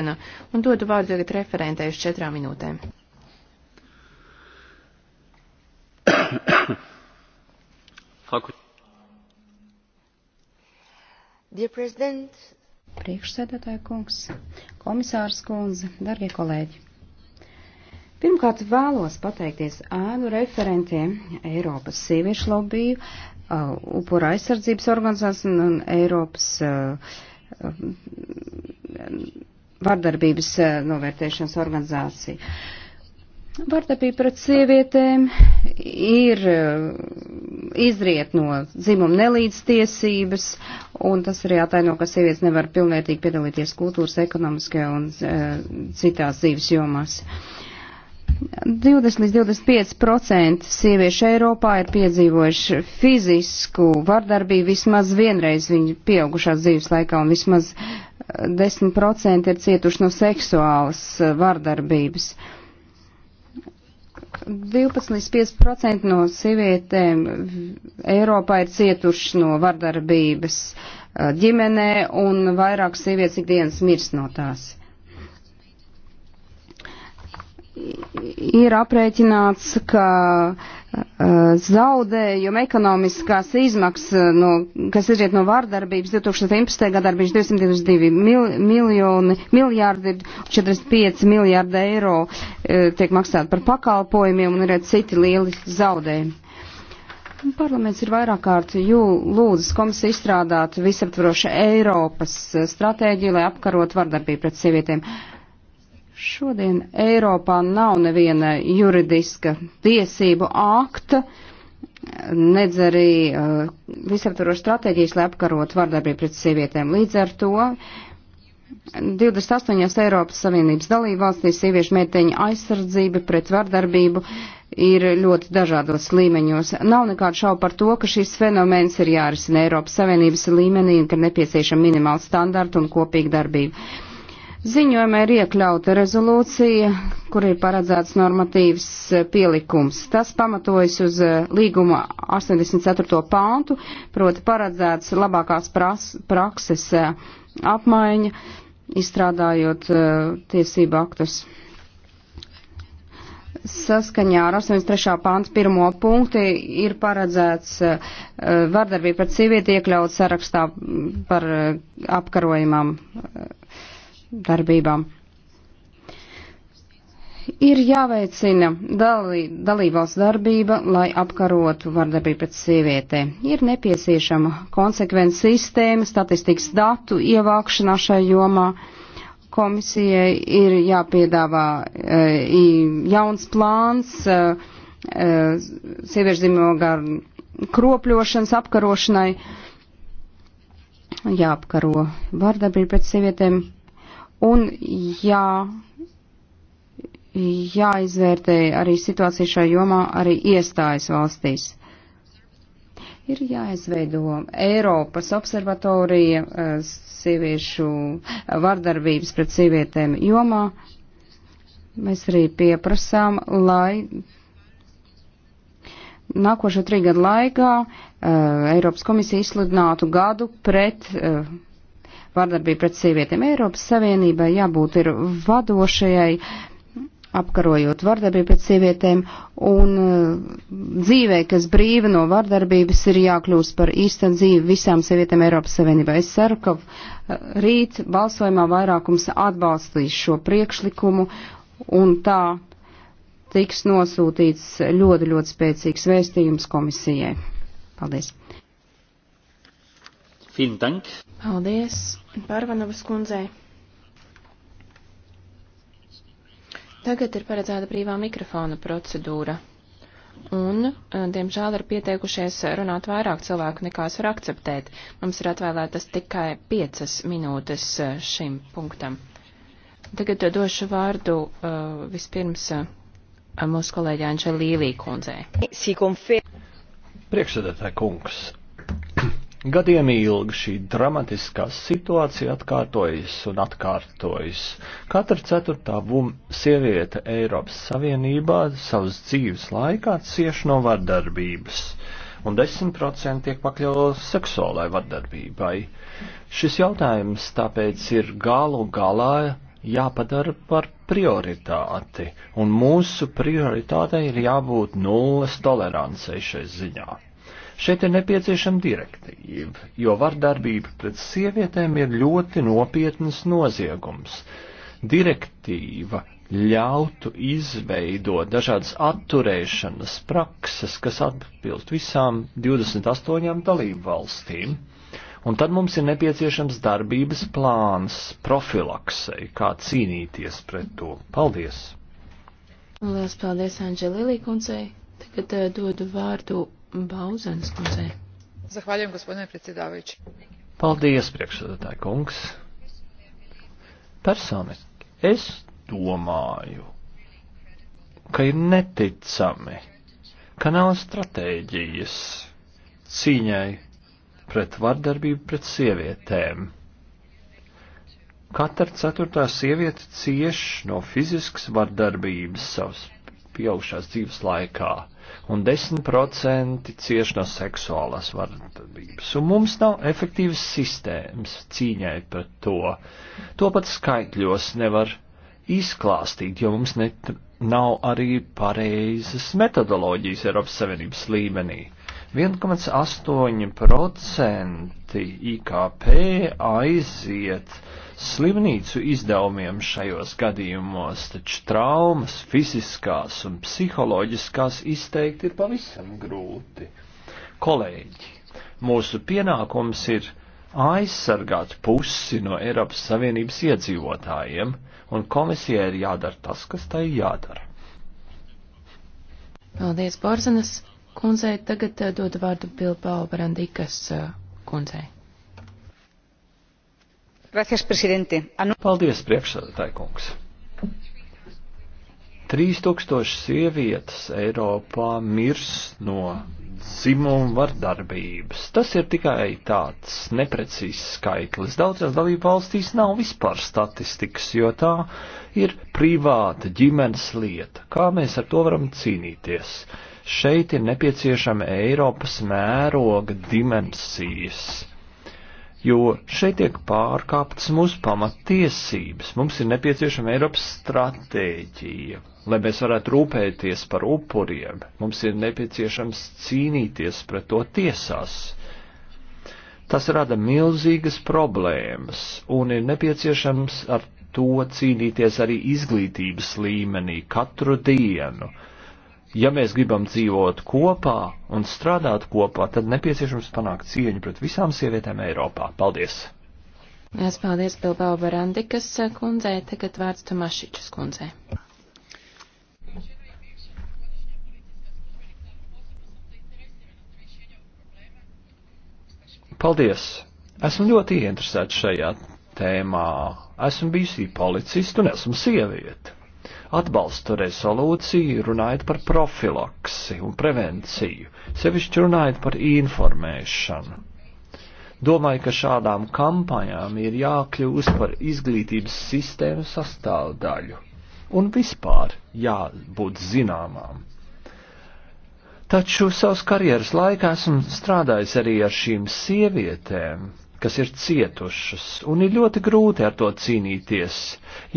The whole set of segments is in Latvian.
diena, un dodu vārdu tagad referentē uz četrām minūtēm. Priekšsēdētāja kungs, komisārs kundze, darbie kolēģi. Pirmkārt vēlos pateikties ēnu referentiem Eiropas sieviešu lobiju, uh, upura aizsardzības organizācijas un Eiropas uh, uh, vardarbības eh, novērtēšanas organizācija. Vardarbība pret sievietēm ir eh, izriet no dzimuma nelīdztiesības, un tas arī ataino, ka sievietes nevar pilnvērtīgi piedalīties kultūras, ekonomiskajā un e, citās dzīves jomās. E, 20 līdz 25% sieviešu Eiropā ir piedzīvojuši fizisku vardarbību vismaz vienreiz viņu pieaugušās dzīves laikā, un vismaz 10% eh, ir cietuši no seksuālas eh, vardarbības. 12 līdz 5% no sievietēm Eiropā ir cietuši no vardarbības eh, ģimenē, un vairāk sievietes ikdienas mirst no tās ir aprēķināts, ka e, zaudējuma ekonomiskās izmaksas, no, kas izriet no vārdarbības 2011. gadā ir bijuši 222 mil, miljoni, miljārdi, 45 miljārdi eiro e, tiek maksāti par pakalpojumiem un ir arī citi lieli zaudējumi. Parlaments ir vairāk kārt lūdzis komisiju izstrādāt visaptvarošu Eiropas e, stratēģiju, lai apkarot vardarbību pret sievietēm. Uh, Šodien Eiropā nav neviena juridiska tiesību akta, nedz arī uh, visaptvarošu stratēģijas, lai apkarot vardarbību pret sievietēm. Līdz ar to 28. Eiropas Savienības dalībvalstīs sieviešu meiteņu aizsardzība pret vardarbību ir ļoti dažādos līmeņos. Nav nekādu šaubu par to, ka šis fenomens ir jārisina Eiropas Savienības līmenī un ka nepieciešama minimāla standarta un kopīga darbība. Ziņojumā ir iekļauta rezolūcija, kur ir paredzēts normatīvs eh, pielikums. Tas pamatojas uz eh, līguma 84. pāntu, proti paredzēts labākās pras, prakses eh, apmaiņa, izstrādājot tiesību aktus. Saskaņā ar 83. pāntu pirmo punktu ir paredzēts vardarbība pret sievieti iekļaut sarakstā par apkarojumām darbībām. Ir jāveicina dalī, dalībvalsts darbība, lai apkarotu vardarbību pret sievietēm. Ir nepieciešama konsekventa sistēma, statistikas datu ievākšanā šai jomā. Komisijai ir jāpiedāvā e, jauns plāns e, e, sieviešu zīmogu kropļošanas apkarošanai jāapkaro vardarbība pret sievietēm Un jā, jāizvērtē arī situācija šajā jomā arī iestājas valstīs. Ir jāizveido Eiropas observatorija eh, sieviešu vardarbības pret sievietēm jomā. Mēs arī pieprasām, lai nākošo trīgadu laikā uh, Eiropas komisija izsludinātu gadu pret uh, vārdarbību pret sievietēm. Eiropas Savienībai jābūt ir vadošajai apkarojot vardarbību pret sievietēm, un eh, dzīvē, kas brīva no vardarbības, ir jākļūst par īsta dzīvi visām sievietēm Eiropas Savienībā. Es ceru, ka eh, rīt balsojumā vairākums atbalstīs šo priekšlikumu, un tā tiks nosūtīts ļoti, ļoti spēcīgs vēstījums komisijai. Paldies! Fintank. Paldies, Pārvanovas kundzei. Tagad ir paredzēta brīvā mikrofona procedūra. Un, eh, diemžēl, ir pieteikušies runāt vairāk cilvēku, nekā es varu akceptēt. Mums ir atvēlētas tikai piecas minūtes eh, šim punktam. Tagad eh, došu vārdu uh, vispirms uh, mūsu kolēģi Anģelīlī kundzei. Priekšsēdētāji kungs, Gadiem ilgi šī dramatiskā situācija atkārtojas un atkārtojas. Katra ceturtā sieviete Eiropas Savienībā savas dzīves laikā cieš no vardarbības, un 10% tiek pakļauts seksuālai vardarbībai. Šis jautājums tāpēc ir galu galā jāpadara par prioritāti, un mūsu prioritātei ir jābūt nulles tolerancei šai ziņā. Šeit ir nepieciešama direktīva, jo vardarbība pret sievietēm ir ļoti nopietnas noziegums. Direktīva ļautu izveidot dažādas atturēšanas prakses, kas atbilst visām 28 dalību valstīm. Un tad mums ir nepieciešams darbības plāns profilaksei, kā cīnīties pret to. Paldies! Lielas paldies Anģelīlī kundzei. Tagad uh, dodu vārdu Bauzens kundzei. Zahvaļiem, gospodine predsedāviči. Paldies, priekšsēdētāji kungs. Personiski es domāju, ka ir neticami, ka nav stratēģijas cīņai pret vardarbību pret sievietēm. Katra ceturtā sieviete cieš no fiziskas vardarbības savas pieaugušās dzīves laikā un 10% cieš no seksuālās vardarbības. Un mums nav efektīvas sistēmas cīņai pret to. To pat skaitļos nevar izklāstīt, jo mums net, nav arī pareizas metodoloģijas Eiropas Savienības līmenī. 1,8% IKP aiziet slimnīcu izdevumiem šajos gadījumos, taču traumas, fiziskās un psiholoģiskās izteikti ir pavisam grūti. Kolēģi, mūsu pienākums ir aizsargāt pusi no Eiropas Savienības iedzīvotājiem, un komisijai ir jādara tas, kas tai jādara. Paldies, Borzanas kundzei. Tagad eh, dod vārdu Bilbao Brandikas eh, kundzei. Gracias, prezidente. Anu... Paldies, priekšsēdētāji kungs. 3000 sievietes Eiropā mirs no dzimuma vardarbības. Tas ir tikai tāds neprecīzs skaitlis. Daudzās dalību valstīs nav vispār statistikas, jo tā ir privāta ģimenes lieta. Kā mēs ar to varam cīnīties? Šeit ir nepieciešama Eiropas mēroga dimensijas jo šeit tiek pārkāptas mūsu pamatiesības. Mums ir nepieciešama Eiropas stratēģija, lai mēs varētu rūpēties par upuriem. Mums ir nepieciešams cīnīties pret to tiesās. Tas rada milzīgas problēmas un ir nepieciešams ar to cīnīties arī izglītības līmenī katru dienu Ja mēs gribam dzīvot kopā un strādāt kopā, tad nepieciešams panākt cieņu pret visām sievietēm Eiropā. Paldies! Es paldies Bilbao Barandikas kundzei, tagad vārds Tomašičas kundzei. Paldies! Esmu ļoti ieinteresēts šajā tēmā. Esmu bijusi policista un esmu sieviete atbalsta rezolūciju runājot par profilaksi un prevenciju, sevišķi runājot par informēšanu. Domāju, ka šādām kampaņām ir jākļūst par izglītības sistēmu sastāvdaļu un vispār jābūt zināmām. Taču savas karjeras laikā esmu strādājis arī ar šīm sievietēm, kas ir cietušas, un ir ļoti grūti ar to cīnīties.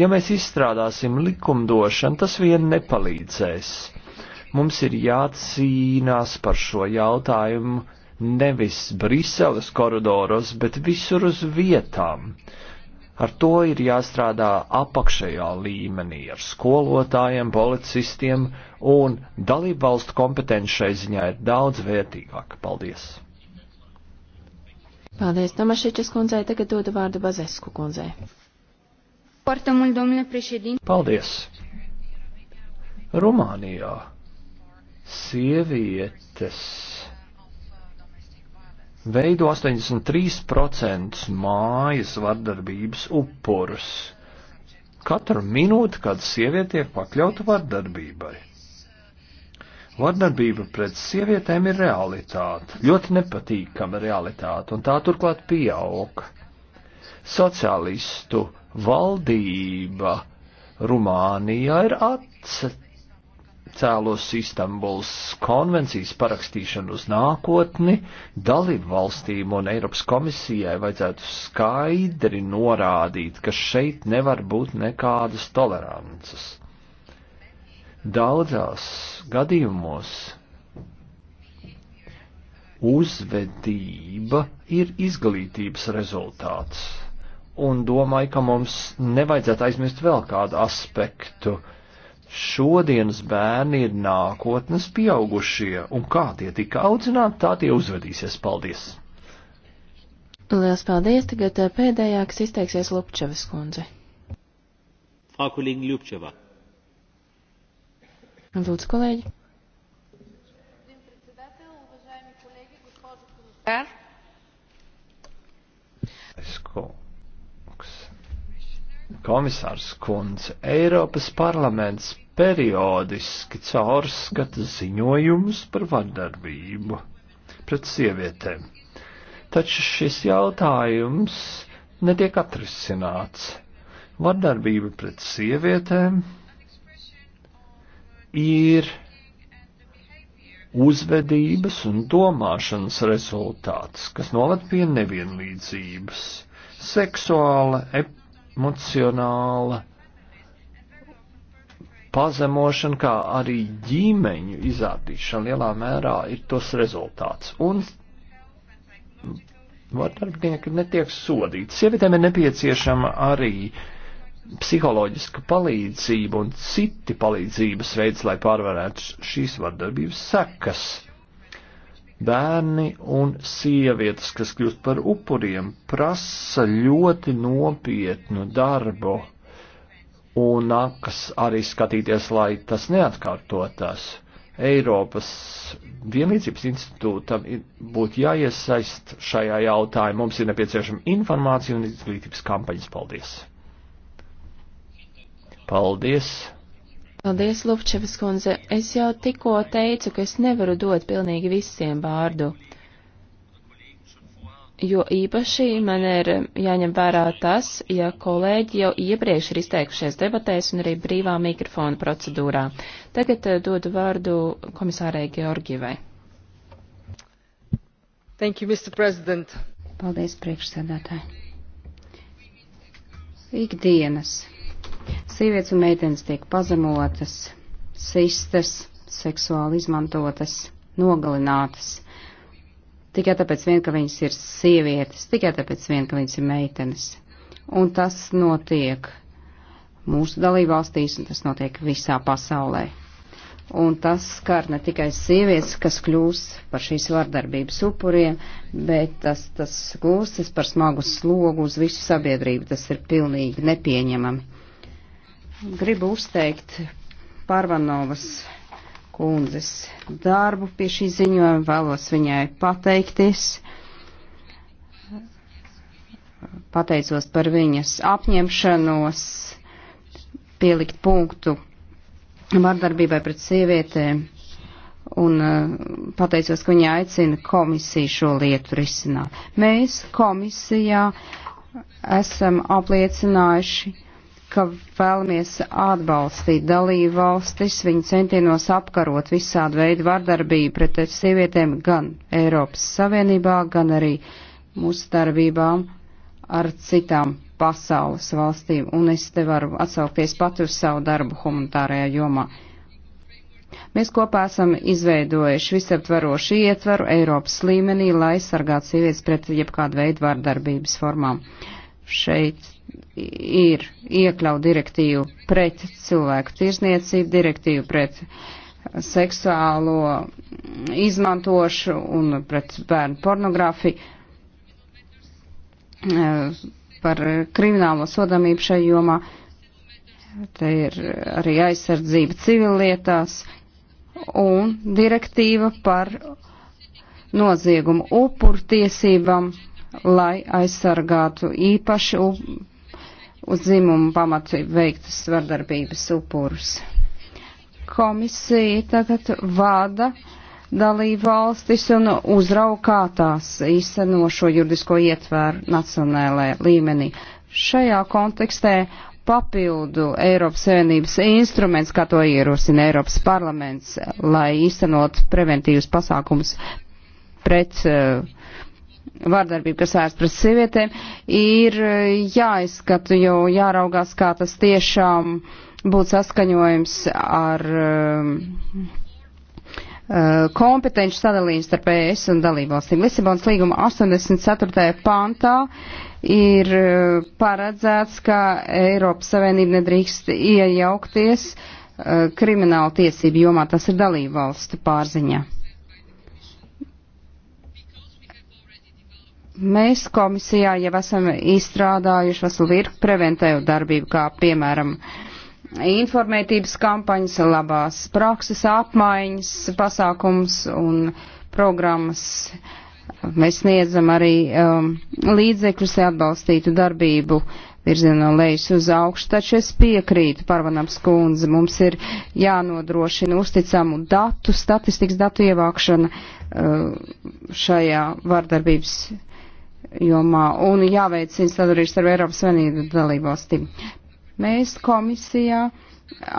Ja mēs izstrādāsim likumdošanu, tas vien nepalīdzēs. Mums ir jācīnās par šo jautājumu nevis Briseles koridoros, bet visur uz vietām. Ar to ir jāstrādā apakšējā līmenī ar skolotājiem, policistiem, un dalībvalstu kompetenci šai ziņā ir daudz vērtīgāka. Paldies! Paldies, Tomašiķis kundzei. Tagad dodu vārdu Bazesku kundzei. Paldies! Rumānijā sievietes veido 83% mājas vardarbības upurus. Katru minūti, kad sieviete tiek pakļauta vardarbībai. Vardarbība pret sievietēm ir realitāte, ļoti nepatīkama realitāte, un tā turklāt pieaug. Socialistu valdība Rumānijā ir atcēlus Istanbuls konvencijas parakstīšanu uz nākotni, dalību valstīm un Eiropas komisijai vajadzētu skaidri norādīt, ka šeit nevar būt nekādas tolerances. Daudzās gadījumos uzvedība ir izglītības rezultāts, un domāju, ka mums nevajadzētu aizmirst vēl kādu aspektu. Šodienas bērni ir nākotnes pieaugušie, un kā tie tika audzināti, tā tie uzvedīsies. Paldies! Lielas paldies! Tagad eh, pēdējā, kas izteiksies Lupčevas kundze. Frau Kollegin Lupčeva. Nu, lūdzu, kolēģi. Skoks. Komisārs Kunz, Eiropas parlaments periodiski caurskata ziņojumus par vardarbību pret sievietēm. Taču šis jautājums netiek atrisināts. Vardarbība pret sievietēm ir uzvedības un domāšanas rezultāts, kas novad pie nevienlīdzības, seksuāla, emocionāla pazemošana, kā arī ģimeņu izārtīšana lielā mērā ir tos rezultāts. Un vardarbinieki netiek sodīti. Sievietēm ir nepieciešama arī uh, psiholoģiska palīdzība un citi palīdzības veids, lai pārvarētu šīs vardarbības sekas. Bērni un sievietes, kas kļūst par upuriem, prasa ļoti nopietnu darbu un nākas arī skatīties, lai tas neatkārtotās. Eiropas vienlīdzības institūtam būtu jāiesaist šajā jautājumā. Mums ir nepieciešama informācija un izglītības kampaņas. Paldies! Paldies! Paldies, Lupčevas kundze. Es jau tikko teicu, ka es nevaru dot pilnīgi visiem vārdu. Jo īpaši man ir jāņem vērā tas, ja kolēģi jau iepriekš ir izteikušies debatēs un arī brīvā mikrofona procedūrā. Tagad eh, dodu vārdu komisārai Georgievai. Thank you, Mr. President. Paldies, priekšsēdētāji. Ikdienas Sievietes un meitenes tiek pazemotas, sistas, seksuāli izmantotas, nogalinātas. Tikai tāpēc vien, ka viņas ir sievietes, tikai tāpēc vien, ka viņas ir meitenes. Un tas notiek mūsu dalībvalstīs, un tas notiek visā pasaulē. Un tas skar ne tikai sievietes, kas kļūst par šīs vardarbības upuriem, bet tas, tas gūstas par smagu slogu uz visu sabiedrību. Tas ir pilnīgi nepieņemami gribu uzteikt Parvanovas kundzes darbu pie šī ziņojuma, vēlos viņai pateikties. Pateicos par viņas apņemšanos pielikt punktu vardarbībai pret sievietēm un uh, pateicos, ka viņa aicina komisiju šo lietu risināt. Mēs komisijā esam apliecinājuši ka vēlamies atbalstīt dalību valstis viņu centienos apkarot visādu veidu vardarbību pret sievietēm gan Eiropas Savienībā, gan arī mūsu darbībām ar citām pasaules valstīm. Un es te varu atsaukties pat uz savu darbu humanitārajā jomā. Mēs kopā esam izveidojuši visaptvarošu ietvaru Eiropas līmenī, lai sargātu sievietes pret jebkādu veidu vardarbības formām. Šeit ir iekļaut direktīvu pret cilvēku tirzniecību, direktīvu pret seksuālo izmantošu un pret bērnu pornogrāfiju eh, par kriminālo sodamību šai jomā. Te ir arī aizsardzība civilietās un direktīva par noziegumu upuru tiesībām, lai aizsargātu īpaši upuru uz dzimumu pamatu veiktas vardarbības upurus. Komisija tagad vada dalību valstis un uzraukā tās īsteno šo juridisko ietvēru nacionālajā līmenī. Šajā kontekstē papildu Eiropas Savienības instruments, kā to ierosina Eiropas parlaments, lai īstenot preventīvas pasākums pret uh, vārdarbība, kas vērsts pret sievietēm, ir eh, jāizskata, jo jāraugās, kā tas tiešām būtu saskaņojums ar um, kompetenci sadalījums starp ES un dalībvalstīm. Lisabonas līguma 84. pantā ir eh, paredzēts, ka Eiropas Savienība nedrīkst iejaukties uh, krimināla tiesību jomā, tas ir dalībvalstu pārziņā. Mēs komisijā jau esam izstrādājuši veselu virkni preventēju darbību, kā piemēram informētības kampaņas, labās prakses apmaiņas pasākums un programmas. Mēs sniedzam arī um, līdzekļus, lai atbalstītu darbību virzienā no lejas uz augšu, taču es piekrītu Parvanams kundze, mums ir jānodrošina uzticamu datu, statistikas datu ievākšana uh, šajā vardarbības jomā un jāveicina sadarījums ar Eiropas Savienību dalībvalstīm. Mēs komisijā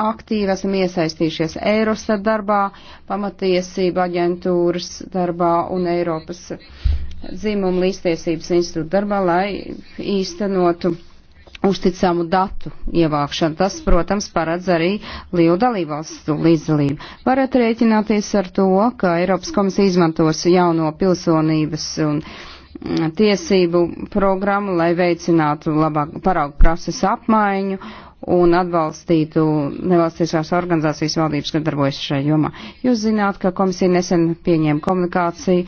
aktīvi esam iesaistījušies Eirostat darbā, pamatiesība aģentūras darbā un Eiropas dzimuma līdztiesības institūta darbā, lai īstenotu uzticamu datu ievākšanu. Tas, protams, paredz arī lielu dalībvalstu līdzdalību. Varat rēķināties ar to, ka Eiropas komisija izmantos jauno pilsonības un uh, tiesību programmu, lai veicinātu labāk paraugu prakses apmaiņu un atbalstītu nevalstiskās organizācijas valdības, kas darbojas šajā jomā. Jūs zināt, ka komisija nesen pieņēma komunikāciju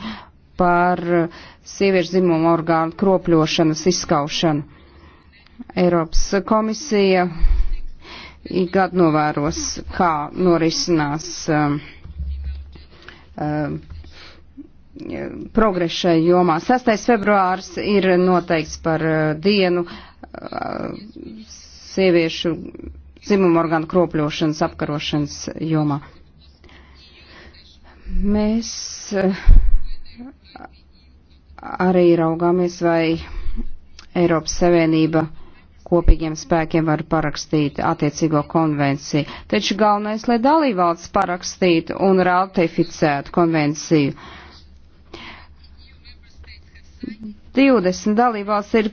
par sieviešu dzimumu orgānu kropļošanas izskaušanu. Eiropas komisija gadu novēros, kā norisinās um, um, progresu šai jomā. 6. februārs ir noteikts par uh, dienu uh, sieviešu dzimumu orgānu kropļošanas apkarošanas jomā. Mēs uh, arī raugāmies, vai Eiropas Savienība kopīgiem spēkiem var parakstīt attiecīgo konvenciju. Taču galvenais, lai dalībvalsts parakstītu un ratificētu konvenciju. Uh, 20 dalībvalsts ir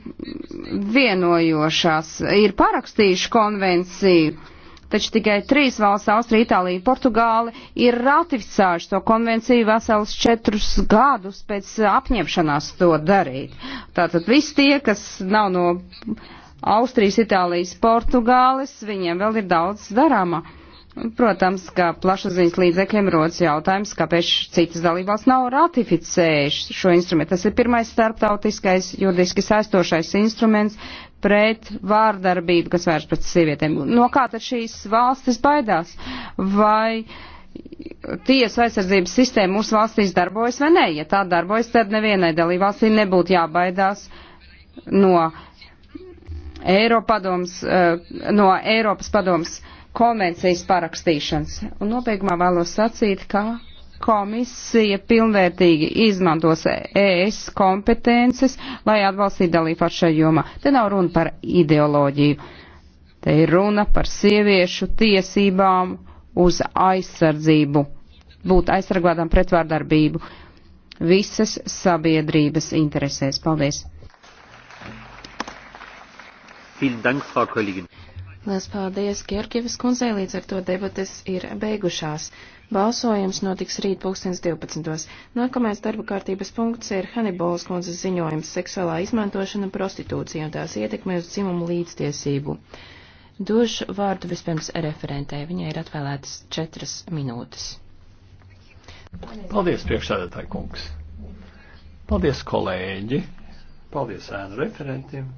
vienojošās, ir parakstījuši konvenciju, taču tikai trīs valsts, Austrija, Itālija, Portugāli, ir ratificējuši to konvenciju vesels četrus gadus pēc apņemšanās to darīt. Tātad visi tie, kas nav no Austrijas, Itālijas, Portugāles, viņiem vēl ir daudz darāmā. Protams, ka plašsaziņas līdzekļiem rodas jautājums, kāpēc citas dalībās nav ratificējušas šo instrumentu. Tas ir pirmais starptautiskais juridiski saistošais instruments pret vārdarbību, kas vērš pret sievietēm. No kā tad šīs valstis baidās? Vai tiesa aizsardzības sistēma mūsu valstīs darbojas vai nē? Ja tā darbojas, tad nevienai dalībvalstī nebūtu jābaidās no Eiropadoms, eh, no Eiropas padoms konvencijas parakstīšanas. Un nobeigumā vēlos sacīt, ka komisija pilnvērtīgi izmantos ES kompetences, lai atbalstītu dalību ar šajā jomā. Te nav runa par ideoloģiju. Te ir runa par sieviešu tiesībām uz aizsardzību, būt aizsargātām pret vārdarbību visas sabiedrības interesēs. Paldies! Vielen Dank, Frau Kollegin. Lielas paldies Georgievas kundzei, līdz ar to debates ir beigušās. Balsojums notiks rīt 2012. Nākamais darba kārtības punkts ir Hanibolas kundzes ziņojums seksuālā izmantošana prostitūcija un tās ietekme uz dzimumu līdztiesību. Došu vārdu vispirms referentē, viņai ir atvēlētas četras minūtes. Paldies, priekšsēdētāji kungs! Paldies, kolēģi! Paldies, ēnu referentiem!